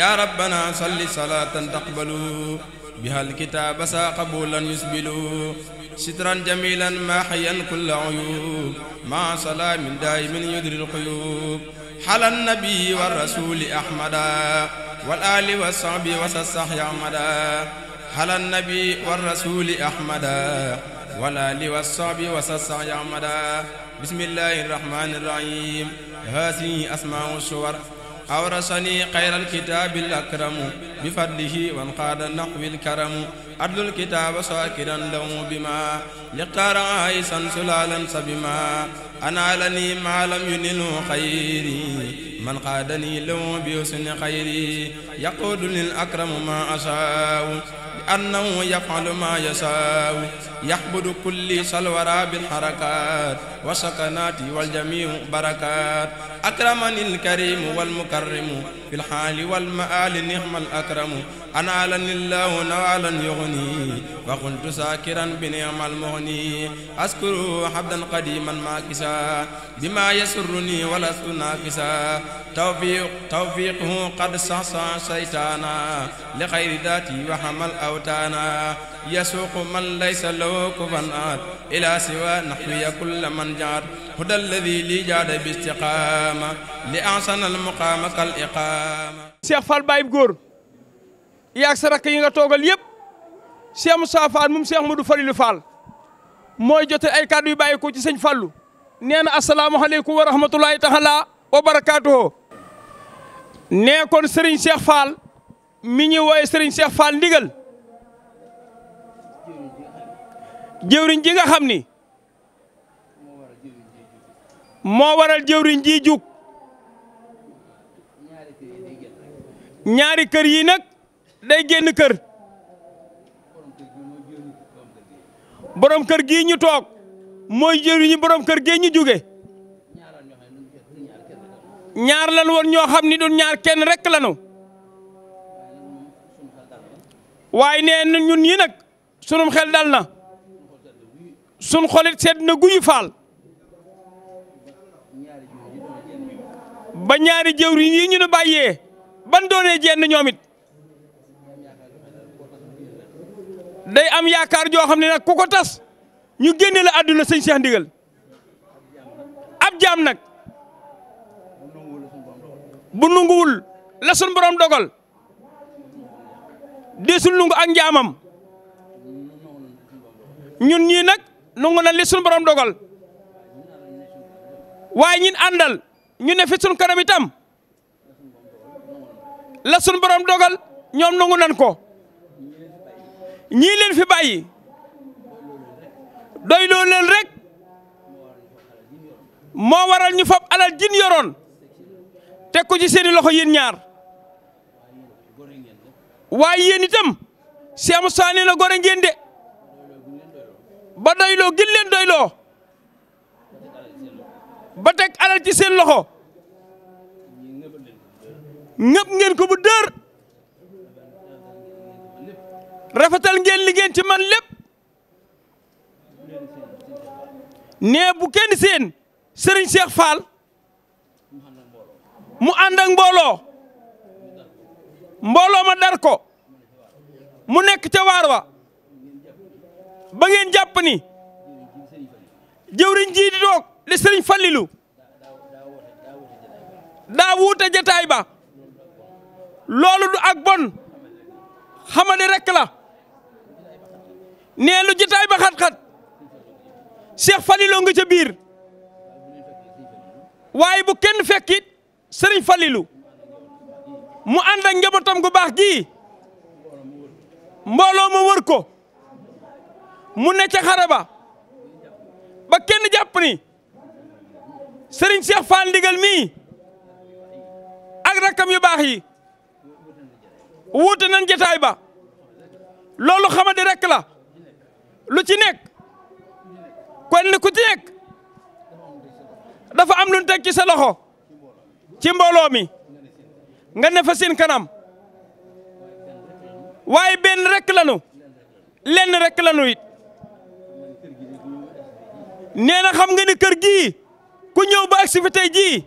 yaa rabbana salli salaatan taqbalu biha alkitaaba saa qabulan yusbilu sitran jamilan maaxiyan kulla uyub maa salaamin daayimin yudril quyub xala nabi wa rasuli ahmada wal aali wa sahbi wa sasaxi ahmada xala nabi wa rasuli ahmada wal aali wa sahbi wa sasaxi ahmada bismillahi rahmani rahim haasihi asmaau suwar awrasani xayral kitaabil akramu bi fadlihi wan qaada naqwil karamu adlul kitaaba saakiran lahu bima liqtaara aysan sulaalan sabima anaalani maalam yunilu xayri man qaadani lahu bi xayri yaquudu lil akramu ma asaawu أنه يفعل ما يشاء يحبد كل سلورى بالحركات وسكنات والجميع بركات أكرمني الكريم والمكرم في الحال والمآل نعم الأكرم أنالني الله نوالا يغني فقلت ساكرا بنعم المغني أذكر حبدا قديما ماكسا بما يسرني ولست ناكسا توفيق توفيقه قد صحصح شيطانا لخير ذاتي وحمل أوتانا يسوق من ليس له كفنات إلى سوى نحوي كل من جار هدى الذي لي جاد باستقامة لأحسن المقام كالإقامة Cheikh Fall Baye Góor yaag sa rakk yi nga toogal yëpp Cheikh Moussa Fall moom Cheikh Modou Falilou Fall mooy jote ay kàddu yu bàyyi ko ci sëñ Fallou nee na asalaamaaleykum wa rahmatulahi taala wa barakaatuhu nee kon Serigne Cheikh Fall mi ñu wooye Serigne Cheikh Fall ndigal jëwriñ ji nga xam ni moo waral jëwriñ ji jug ñaari kër yi nag day génn kër borom kër gii ñu toog mooy jëriñu borom kër gii ñu jóge ñaar lan woon ñoo xam ni doon ñaar kenn rek lanu waaye nee na ñun ñi nag sunum xel dal na sun xolit sedd na guyu faal ba ñaari jëwriñ yi ñu nu bàyyee ban doonee jenn ñoomit day am yaakaar joo xam ne nag ku ko tas ñu génne la àdduna sëñ Cheikh Ndigal ab jaam nag bu nunguwul la sun borom dogal desul nungu ak njaamam ñun ñii nag nungu na li sun dogal waaye ñin àndal ñu ne fi sun kanam itam la sun dogal ñoom nungu nan ko ñii leen fi bàyyi doy leen rek moo waral ñu fab alal jin yoroon teg ko ci seeni loxo yéen ñaar waaye yéen itam Cheikh Moussa nee na ngeen de ba doyloo gin leen doyloo ba teg alal ci seen loxo ngëb ngeen ko bu dër rafetal ngeen liggéen ngeen ci man lépp nee bu seen Serigne Cheikh Fall mu ànd mbooloo mbooloo ma darko mu nekk ca waar wa ba ngeen jàpp ni jëwriñ jii di doog di sëriñ Fallilu daa wuute jataay ba loolu du ak bon xamade rek la nee lu jotaay ba xat-xat Cheikh Falilou nga ca biir waaye bu kenn fekkit sëriñ Falilou mu ànd ak njabootam gu baax gii mbooloo wër ko mu ne ca xare ba ba kenn jàpp ni sëriñ Cheikh Fall ndigal mii ak rakkam yu baax yi wuute nañ jotaay ba loolu xamadi rek la lu ci nekk kon ku ci nekk dafa am lu ñu teg ci sa loxo ci mbooloo mi nga ne fa seen kanam waaye benn rek lanu lenn rek lanu it nee na xam nga ni kër gii ku ñëw ba agsi fi tey jii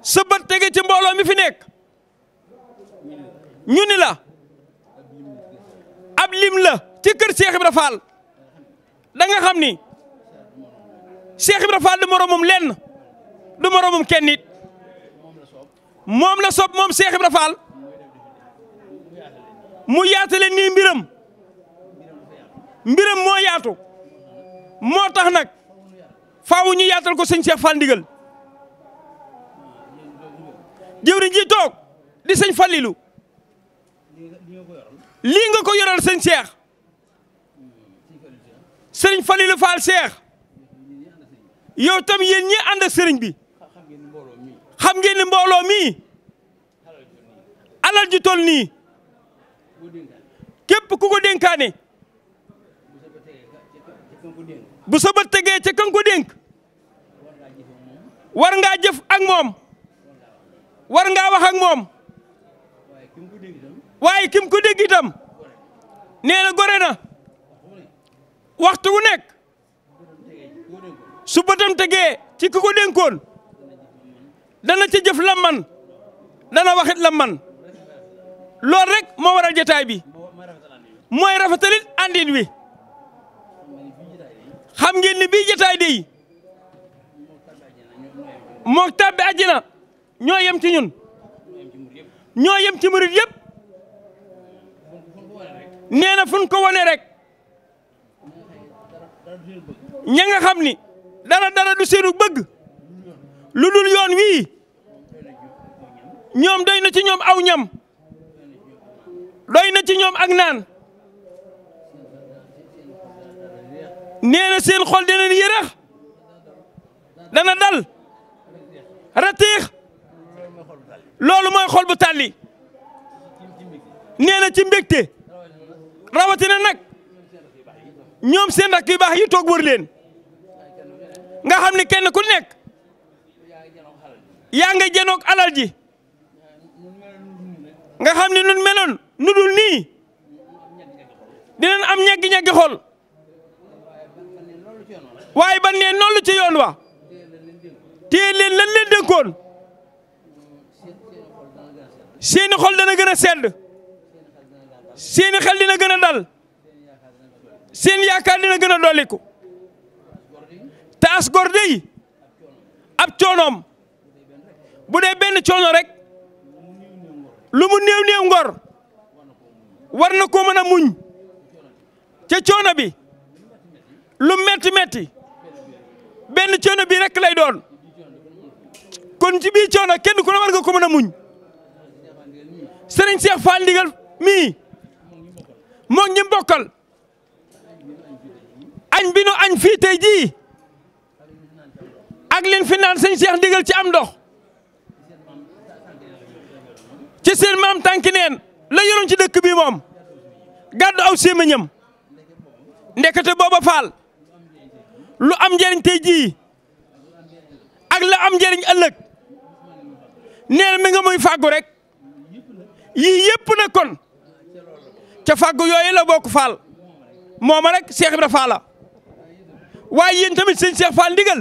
sa tege ci mbooloo mi fi nekk ñu ni la lim la ci kër Cheikh danga Fall xam ni Cheikh Ibra Fall du moromam lenn du moromam kenn it moom la sob moom Cheikh Ibra mu yaatale nii mbiram mbiram moo yaatu moo tax nag faaw ñu yaatal ko sëñ Cheikh Fall ndigal jëwriñ ji toog di sëñ Fallilu lii nga ko yoral sëñ Cheikh sëriñ Falilou Fall Cheikh yow tam yéen ñi ànd ak sëriñ bi xam ngeen ni mbooloo mi alal ju toll nii képp ku ko dénkaane bu sa tegee ca kan ko dénk war ngaa jëf ak moom war ngaa wax ak moom. waaye kim ko dégg itam na gore na waxtu wu nekk su bëtam tegee ci ki ko dénkoon dana ca jëf la man dana waxit la man loolu rek moo waral jataay bi mooy rafetalit àndin wi xam ngeen ni bii jotaay dey mook tàbbi àjjana ñoo yem ci ñun ñoo yem ci murit yëpp nee na fu ko wane rek ña nga xam ni dara dara du seenu bëgg lu dul yoon wii ñoom doy na ci ñoom aw ñam doy na ci ñoom ak naan nee na seen xol dina yérax dana dal ratiix loolu mooy xol bu tàlli nee ci mbégte rawatina nag ñoom seen rakk yu baax yi toog wër nga xam ne kenn ku nekk yaa nga jenoog alal ji nga xam ne nun meloon nu dul nii dinañ am ñeggi-ñeggi xol waaye ban nee noonu ci yoon wa téye leen lan leen dénkoon seeni xol dana gën a sedd seeni xel dina gën a dal seen yaakaar dina gën a dolliku te as gor dey ab coonoom bu dee benn coono rek lu mu néew néew ngor war na ko mën a muñ ca coono bi lu metti metti benn coono bi rek lay doon kon ci biir coono kenn ku ne war nga ko mën a muñ sëriñ Cheikh Fall ndigal mii moom ñi bokkal añ bi añ fii tey jii ak leen fi naan sëñ Cheikh ndigal ci am ndox ci seen maam tànki la yoroon ci dëkk bi moom gàddu aw séemañam ndekete booba faal lu am njëriñ tey jii ak la am njëriñ ëllëg neen mi nga muy fàggu rek yii yëpp na kon ca fàggu yooyu la bokk faal mooma rek Cheikh Ibra Faala waaye yéen tamit sëñ Cheikh Fall ndigal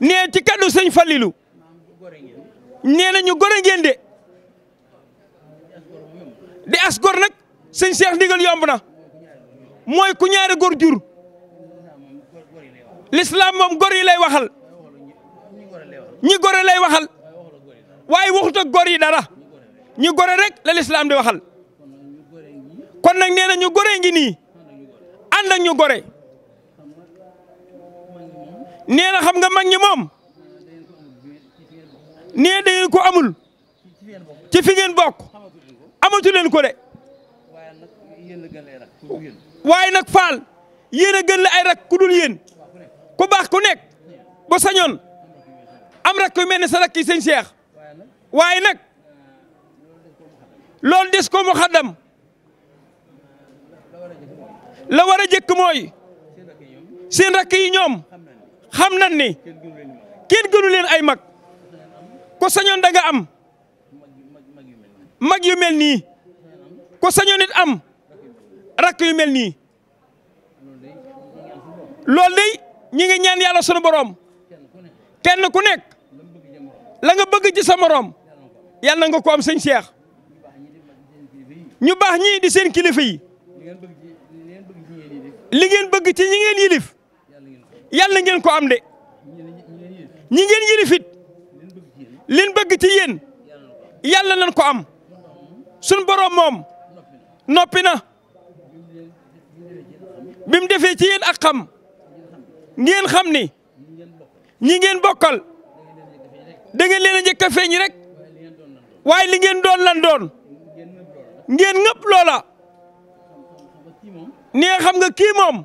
nee ci kaddu sëñ Fallilu nee na ñu gore ngeen de di as gor nag sëñ Cheikh ndigal yomb na mooy ku ñaari góor jur l'islam moom góor yi lay waxal ñi góor lay waxal waaye waxut ak yi dara. ñu gore rek la lislaam di waxal kon nag nee na ñu gore ngi nii ànd ak ñu gore nee xam nga mag ñi moom nee da ngeen ko amul ci fi bokk amatu leen ko de waaye nag faal yéen a ay rak ku dul yéen ku baax ku nekk bu sañoon am rak ku mel ne sa rakk yi sëñ waaye nag lool des ko mu la war a mooy seen rakk yi ñoom xam nañ ni kenn gënu leen ay mag ku sañoon da nga am mag yu mel nii ku sañoon am rakk yu mel nii loolu day ñi ngi ñaan yàlla sunu boroom kenn ku nekk la nga bëgg ci sa moroom na nga ko am sëñ Cheikh ñu baax ñii di seen kilifa yi li ngeen bëgg ci ñi ngeen yilif yàlla ngeen ko am de ñi ngeen yilif it bëgg ci yéen yàlla nañ ko am sun boroom moom noppi na bi defee ci yéen ak xam ngeen xam ni ñi ngeen bokkal da ngeen leen a njëkk a feeñ rek waaye li ngeen doon lan doon ngeen ñëpp loola nee xam nga kii moom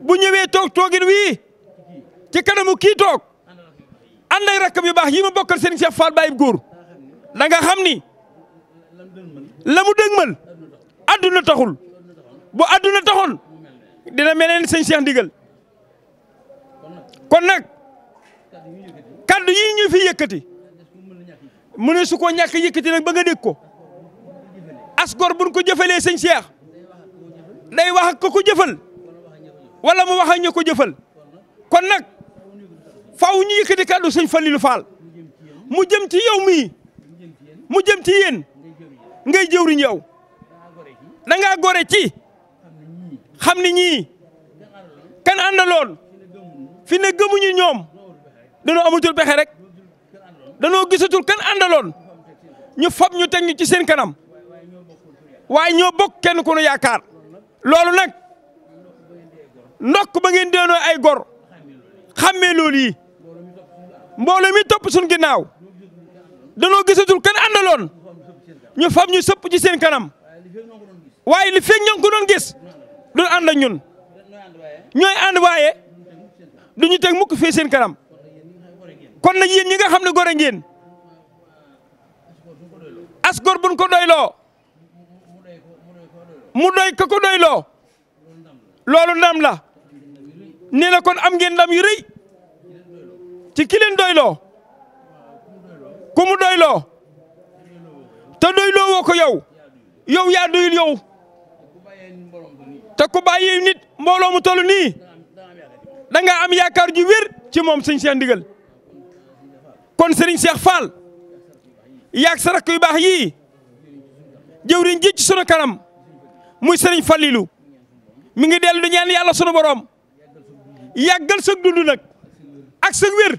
bu ñëwee toog toogin wii ci kanamu kii toog ànd ak rakkam yu baax yi ma bokkal sëriñ Cheikh Fall Baye Góor da nga xam ni la mu dëgmal adduna taxul bu adduna taxul dina mel ne sëñ ndigal kon nag kaddu yii ñu fi yëkkati mu ne su ko ñàkk yëkkati nag ba nga dégg ko. as gor buñ ko jëfalee sëñ Cheikh day wax ko ko jëfal wala mu wax ak ña ko jëfal kon nag faaw ñu yëkkati kàddu sëñ Falilou Fall mu jëm ci yow mii mu jëm ci yéen ngay jëwriñ yow da gore ci xam ni ñii kan àndaloon fi ne gëmuñu ñoom danoo amatul pexe rek danoo gisatul kan àndaloon ñu fab ñu teg ñu ci seen kanam waaye ñoo bokk kenn ku nu yaakaar loolu nag ndokk ba ngeen doonoo ay gor xàmmee loolu yi mbooloo mi topp suñ ginnaaw danoo gisatul kenn àndaloon ñu fam ñu sëpp ci seen kanam waaye li feeg ñoo ngi ko doon gis duñ ànd ak ñun ñooy ànd waaye duñu teg mukk fii seen kanam kon nag yéen ñi nga xam ne gore ngeen as gor buñ ko doyloo mu doy ka ko doy loo loolu ndam la nee na kon am ngeen ndam yu rëy ci ki leen doy loo ku mu doy loo te doy loo woo ko yow yow yaa doyul yow te ku bàyyi nit mbooloo mu toll nii da nga am yaakaar ju wér ci moom sëñ Cheikh Ndigal kon sëriñ Cheikh Fall yaag sa rakk yu baax yii jëwriñ ji ci sunu kanam muy sëriñ Falilou mi ngi dellu di ñaan yàlla sono borom yàggal sa dund nag ak sa wér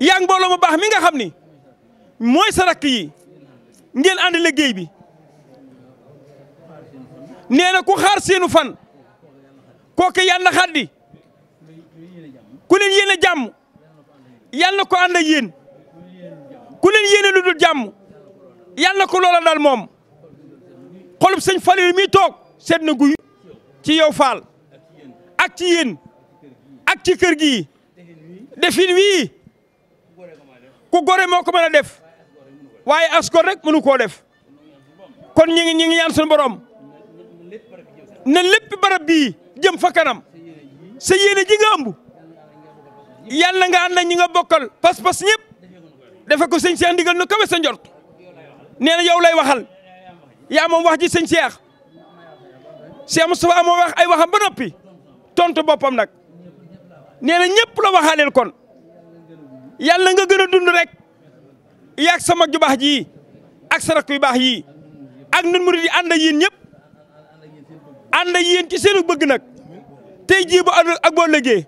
yaa ngi baax mi nga xam ni mooy sa rakk yi ngeen ànd liggéey bi nee ku xaar seenu fan kooku yàlla na xaddi ku leen yéene jàmm yàlla na ko ànd ak ku leen yéene lu jàmm yàlla na ko moom. xolub sëñ Falilu mi toog seet na guy ci yow Fall ak ci yéen ak ci kër gi defin wii ku gore moo ko mën a def waaye askor rek mënu koo def kon ñu ngi ñu ngi ñaan suñu borom na lépp barab bii jëm fa kanam sa yéene ji nga ëmb yàlla nga ànd na ñi nga bokkal pas-pas ñëpp defe ko sëñ Cheikh ndigal nu kawe sa njort nee na yow lay waxal yaa moom wax ji sëñ Cheikh Cheikh Moustapha moo wax ay waxam ba noppi tontu boppam nag nee na ñëpp la waxaaleel kon yàlla nga gën a dund rek yaag sa mag ju baax ji ak sa rakk yu baax ak nun murid yi ànd ak yéen ñëpp ànd ak yéen ci seenu bëgg nag tey jii bu ak boo liggéey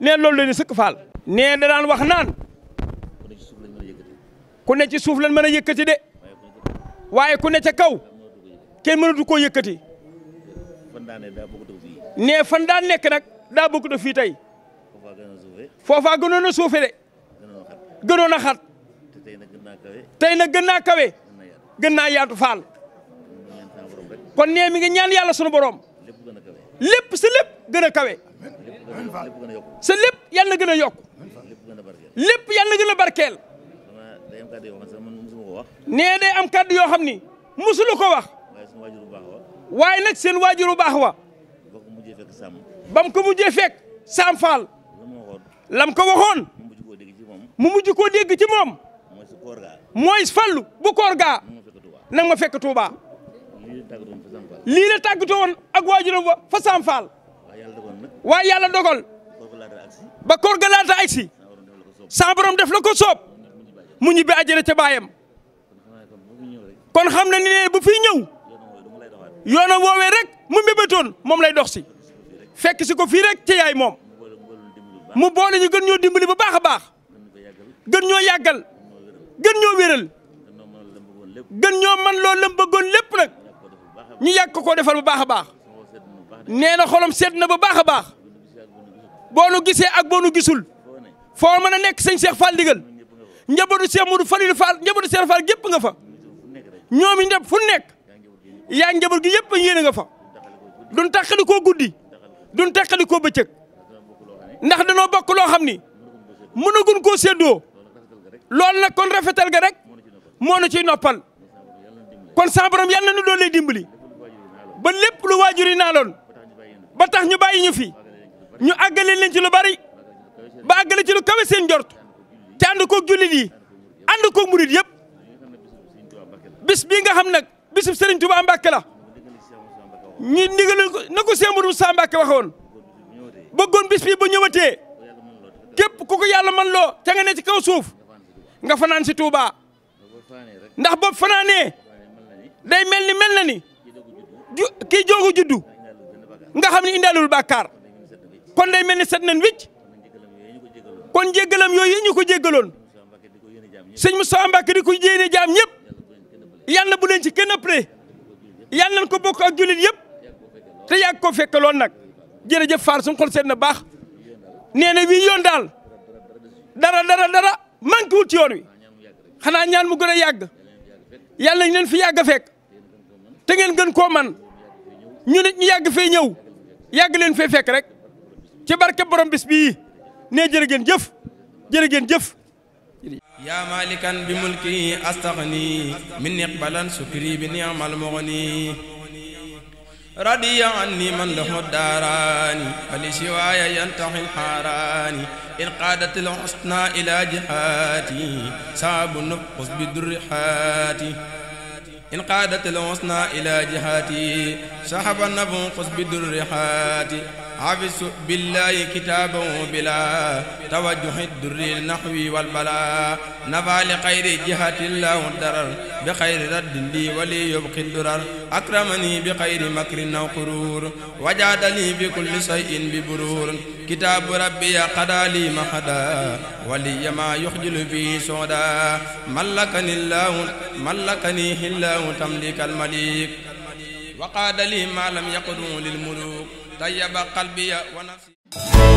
nee loolu la ni sëkk faal. nee daan wax naan ku nekk ci suuf lañ mën a yëkkati de waaye ku ne ca kaw. kenn mënatu koo yëkkati. nee fan daan nekk nag daa bokk da fii tey. foofaa gënoon a suufe de. gënoon a nag gën naa kawe. gën naa yaatu faal. kon nee mi ngi ñaan yàlla sunu borom. lépp sa lépp gën a kawe. sa lépp yal na gën a yokk. lépp yàlla na gën a barkeel. nee day am kàddu yoo xam ni musulu ko wax. waaye nag seen waajuru baax wa ba ko mujjee fekk ba mu ko mujjee fekk Sam Fall. lam ko waxoon. mu mujj koo dégg moom. mu mujj koo dégg ci moom. mooy su koor gaa. mooy fallu bu koor gaa. nang ma fekk Touba. lii la tàggatoo woon ak waajuram fa Sam waaye yàlla dogal. ba koor ga laata agsi. sa def la ko soob. mu ñibbi àjjana ca baayam. kon xam na ni ne bu fiy ñëw. yoonam woowee rek mu mébétoon moom lay dox si fekk si ko fii rek ci yaay moom mu boole ñu gën ñoo dimbali bu baax a baax gën ñoo yàggal gën ñoo wéral gën ñoo man loolu la bëggoon lépp nag ñu yàgg ko koo defal bu baax a baax nee na xolam sedd na ba baax a baax boo nu gisee ak boo nu gisul foo mën a nekk sëñ Cheikh Fall ndigal njabootu Cheikh Modou Falilou Fall njabootu Cheikh Fall gépp nga fa ñoom itam fu nekk. yaa njaboot gi yëpp yéene nga fa duñ tàqali koo guddi duñ tàqali koo bëccëg ndax danoo bokk loo xam ni mënaguñ koo séddoo loolu nag kon rafetal ga rek moo na ciy noppal kon sa borom yàlla na nu doon ba lépp lu waajur yi naaloon ba tax ñu bàyyi ñu fi ñu àggale leen ci lu bari ba àggale ci lu kawe seen njort te ànd koog jullit yi ànd koog murit yëpp xam nag. bisub Serigne Touba Mbacke la ñu ndigalal ko na ko Sëñ Modou Moussa Mbacke waxoon bëggoon bis bi ñëwatee képp ku ko yàlla man loo te nga ci kaw suuf nga fanaan si Touba ndax boobu fanaanee day mel ni mel na ni ju kii joogu juddu nga xam ni indaalul bàkkaar kon day mel ni set nañ wicc kon jéggalam yooyu ñu ko jéggaloon sëñ Moussa Mbacke di ko yéene jaam ñëpp yàlla bu leen ci kenn après yàlla nañ ko bokk ak jullit yëpp te yàgg ko fekk lool nag jërëjëf Faar suñu xol seet na baax nee na wii yoon daal dara dara dara manqué wul ci yoon wi xanaa ñaan mu gën a yàgg yàlla nañ leen fi yàgg a fekk te ngeen gën koo man ñu nit ñu yàgg fee ñëw yàgg leen fee fekk rek ci barke borom bis bii nee jërë ngeen jëf jërë ngeen jëf. yaa malikan bi mulki astaghni min iqbalan sukri bi ni'mal mughni radiya anni man lahu daarani fali siwaaya yantahi lxaaraani in qaadat lxusna ila jihaati saabu nufus bi durri haati in qaadat lxusna ila jihaati sahaba nafus bi durri haati hafisu billahi kitaabahu bila tawajjuhi durri naxwi walbala nafa li xayri jihatillahu darar bi xayri raddin li wali yubqi durar akramani bi xayri makrin aw qurur wajaadani bi kulli shay'in bi burur kitaabu rabbi qada li ma qada waliya ma yuxjilu fi sooda mallakani llahu mallakanihi llahu tamlikal malik wa qaada li ma lam yaqdu lil muluk tayyaba qalbiya wa nafsi